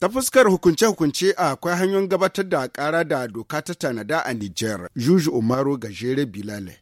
Ta fuskar hukunce-hukunce akwai hanyoyin gabatar da kara da doka ta tanada a Nijar, Juju Umaru Gajere Bilale.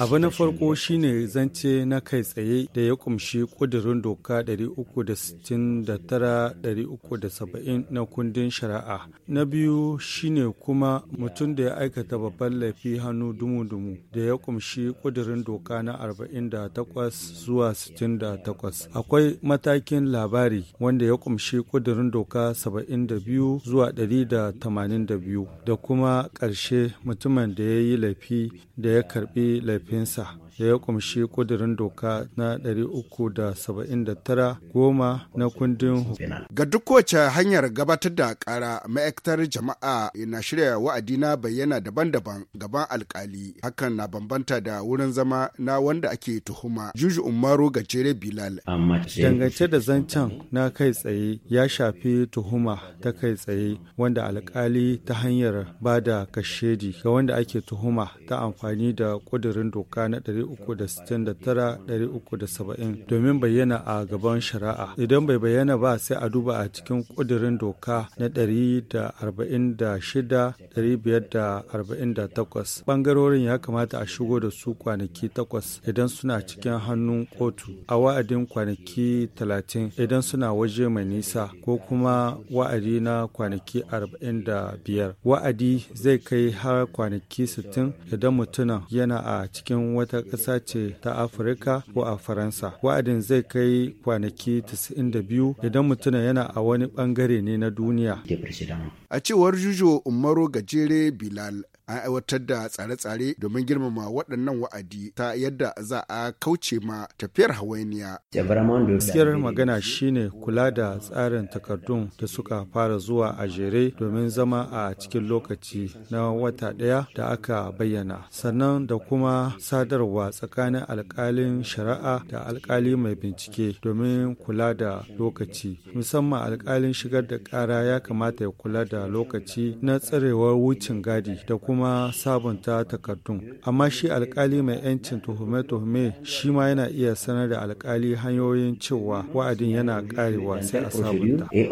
Abu na farko shine zance na kai tsaye da ya kumshi kudirin doka 369-370 na kundin shari'a. Na biyu shine kuma mutum da ya aikata babban laifi hannu dumu-dumu da ya kumshi kudirin doka na 48 zuwa 68. Akwai matakin labari wanda ya kumshi kunshi kudirin doka 72 zuwa 182 da kuma ƙarshe mutumin da ya yi laifi da ya karbi laifinsa da ya kumshi kudirin doka na 379 goma na kundin ga duk wace hanyar gabatar da ƙara ma'aikatar jama'a na shirya wa'adi na bayyana daban-daban gaban alkali hakan na bambanta da wurin zama na wanda ake tuhuma juju umaru gajere bilal dangance da zancen na kai tsaye ya shafi tuhuma ta kai tsaye wanda alkali ta hanyar ba da kashedi ga wanda ake tuhuma ta amfani da ƙudirin doka na 369-370 domin bayyana a gaban shari'a idan bai bayyana ba sai a duba a cikin kudirin doka na 146-548 bangarorin ya kamata a shigo da su kwanaki takwas idan suna cikin hannun kotu a wa'adin kwanaki talatin idan suna waje mai nisa ko kuma wa'adi na kwanaki 45 wa'adi zai kai har kwanaki 60 idan mutumin yana a cikin wata ƙasa ce ta afirka ko a faransa wa'adin zai kai kwanaki 92 idan mutumin yana a wani bangare ne na duniya a cewar jujo umaru gajere bilal an aiwatar da tsare-tsare domin girmama waɗannan wa'adi ta yadda za a kauce ma tafiyar hawainiya. Gaskiyar magana shine kula da tsarin takardun da suka fara zuwa a jere domin zama a cikin lokaci na wata ɗaya da aka bayyana. Sannan da kuma sadarwa tsakanin alkalin shari'a da alkali mai bincike domin kula da lokaci. Musamman alkalin shigar da ƙara ya kamata ya kula da lokaci na tsarewar wucin gadi da kuma kuma sabunta takardun amma shi alkali mai 'yancin tuhume-tuhume shi ma yana iya sanar da alkali hanyoyin cewa wa'adin yana karewa sai a sabunta.